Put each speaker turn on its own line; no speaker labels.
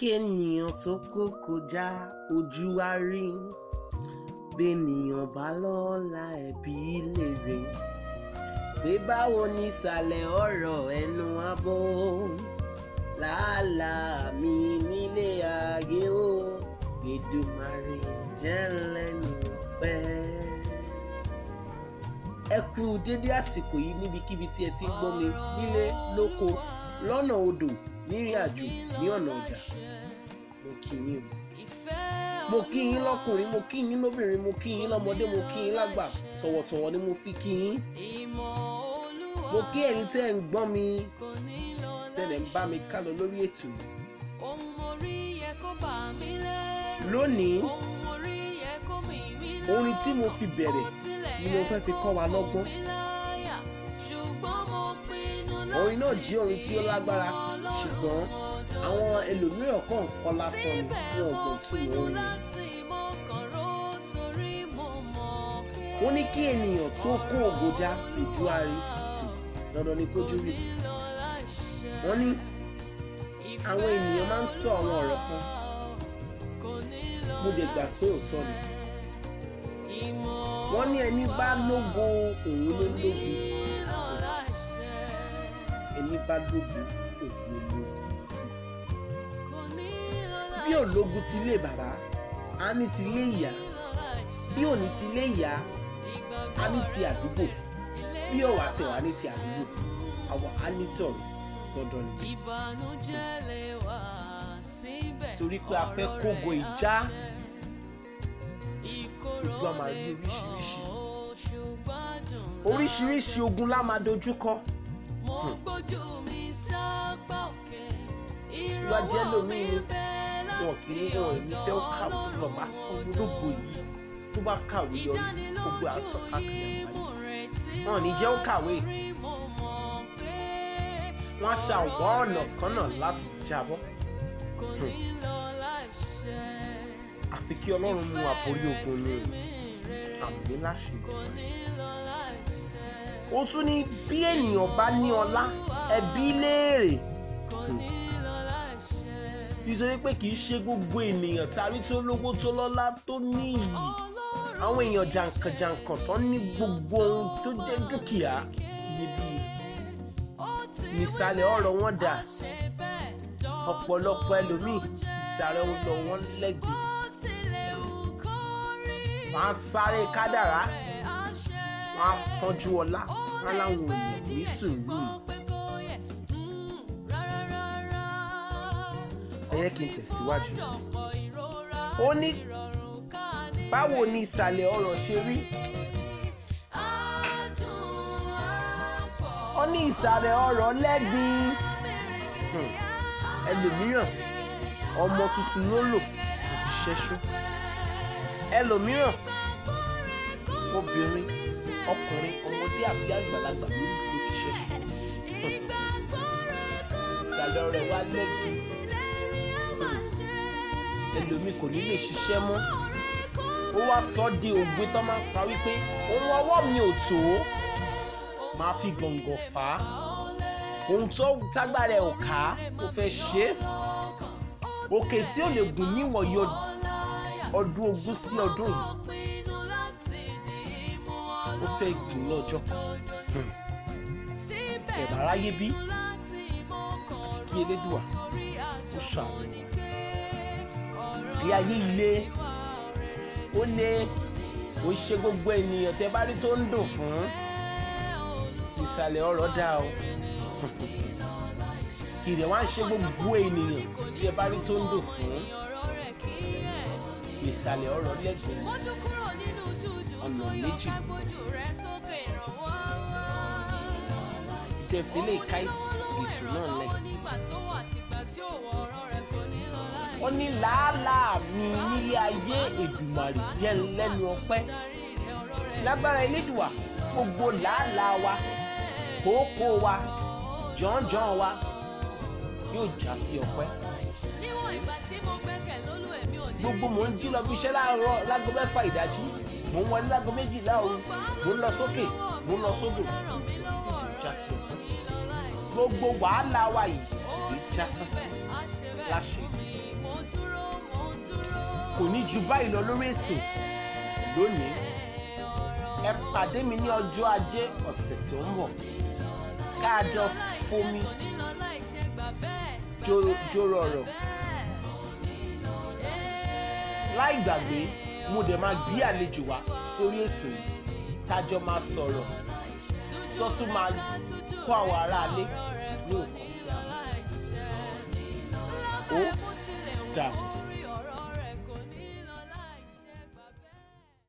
kéèyàn tó kó kọjá ojú wa rí béèyàn bá lọ́la ẹ̀bi lèrè pé báwo ni ìsàlẹ̀ ọ̀rọ̀ ẹnu wa bọ́ làálàá mi nílé ayé o Èdùmàrè jẹ́ lẹ́nu ọpẹ́. ẹ kú dédé àsìkò yìí níbikíbi tí ẹ ti ń gbọ́ mi nílé lóko lọ́nà odò rírìn àjò ní ọ̀nà ọjà mo kí yín o mo kí yín lọ́kùnrin mo kí yín lóbìnrin mo kí yín lọ́mọdé mo kí yín lágbà tọ̀wọ̀tọ̀wọ̀ ni mo fi kí yín mo kí ẹ̀yin tẹ́ ń gbọ́n mi tẹ́lẹ̀ ń bá mi kálọ lórí ètò yìí lónìí orin tí mo fi bẹ̀rẹ̀ ni mo fẹ́ fi kọ́ wa lọ́gbọ́n orin náà jẹ́ orin tí ó lágbára ṣùgbọ́n àwọn ẹlòmíràn kàn kọ́ lásán ni fún ọgbọ́n ìtumọ̀ orin wọ́n ní kí ènìyàn tó kó ògòjà lójú àárí dandan ni kójú rí wọ́n ní àwọn ènìyàn máa ń sọ àwọn ọ̀rọ̀ kan mo dẹ̀ gbà pé òótọ́ ni wọ́n ní ẹni bá lógo òun ló lógo ẹni bá lógun ògùn ológun bí ológun ti lé bàbá a ní ti lé ìyá bí òní ti lé ìyá a ní ti àdúgbò bí ọ̀wà tẹ̀wá ní ti àdúgbò àwa a ní tọ̀rẹ́ dandan ni. torí pé a fẹ́ kógo ìjà ìgbà máa oríṣiríṣi oríṣiríṣi ogun la máa dojú kọ lọ́jẹ́ hmm. lómi wọn kì í wọn ní fẹ́ kàwé bàbá olóògbò yìí tó bá kàwé yọ gbogbo àtọ́ká kìlẹ̀ báyìí wọn ní jẹ́ ó kàwé wọn á ṣe àwọn ọ̀nà kan náà láti jábọ́ hmm. àfi kí ọlọ́run mú àpòrí ogun ní àmì láṣẹ ìgbà ó tún ní bí ènìyàn bá ní ọlá ẹbí léèrè hmm. nítorí pé kì í ṣe gbogbo ènìyàn tàbí tó lówó tó lọ́lá tó ní iyì àwọn èèyàn jàǹkànjàǹkàn tó ní gbogbo ohun tó jẹ́ dúkìá iyebíye nìsàlẹ̀ ọ̀rọ̀ wọn dà ọ̀pọ̀lọpọ̀ ẹlòmíì ìsàlẹ̀ ọ̀rọ̀ wọn lẹ́gbẹ̀ẹ́ máa sáré kádàrá wọ́n á kánjú ọlá wọ́n láwọn èèyàn ní sùúrù. ẹ yẹ kí n tẹ̀síwájú. ó ní báwo ni ìsàlẹ̀ ọ̀rọ̀ ṣe rí. ó ní ìsàlẹ̀ ọ̀rọ̀ lẹ́gbìn hmm. ẹlòmíràn ọmọ tuntun ló lò tó fi ṣẹ́ṣú ẹlòmíràn obìnrin ọkùnrin ọmọdé àbí àgbàlagbà lórí ìlú ti ṣe sùn ìsàlẹ̀ ọ̀rẹ́ wa lẹ́gì ẹlòmíì kò ní lè ṣiṣẹ́ mọ́ ó wá sọ di ògbé tó máa ń pa wípé ohun ọwọ́ mi ò tó máa fi gbọ̀ngàn fà á ohun tó tágbára ẹ̀ ò ká ó fẹ́ ṣe é òkè tí ò lè gùn níwọ̀nyí ọdún ogún sí ọdún yìí fẹ́ gùn lọ́jọ́ hmm. ẹ̀bà aráyé bí àfi kí elédùà ó ṣàánú wa ilé ayé ilé ó lé ó ṣe gbogbo ènìyàn tẹ bá rí tó ń dùn fún ìsàlẹ̀ ọ̀rọ̀ dá o kì í wá ṣe gbogbo ènìyàn tí bá rí tó ń dùn fún ìsàlẹ̀ ọ̀rọ̀ lẹ́gbẹ̀ẹ́ ọ̀nà méjì tẹ fi lè ká ètò náà lẹ. ó ní làálàá mi nílé ayé Èdùmàrè jẹ́ lẹ́nu ọpẹ́ lágbára elédùà gbogbo làálàá wa kókó wa jọ̀ọ́jọ̀ọ́ wa yóò já sí ọpẹ́ gbogbo mò ń jí lọ bí iṣẹ́ láàárọ̀ lágo mẹ́fà ìdájí mò ń wọlé lágo méjìlá òru mò ń lọ sókè mò ń lọ sódò gbogbo wàhálà wa yìí ìjà sásì láṣẹ kò ní ju báyìí lọ lórí ètò lónìí ẹ pàdé mi ní ọjọ́ ajé ọ̀sẹ̀ tó ń bọ̀ káàjọ fomi jòrò ọ̀rọ̀ láì gbàgbé mo dẹ̀ máa gbé àlejò wá sórí ètò yìí tájọ máa sọ̀rọ̀
tó tún máa kọ́ àwọn aráalé ní nǹkan
tí a mọ̀ ó dàbọ̀.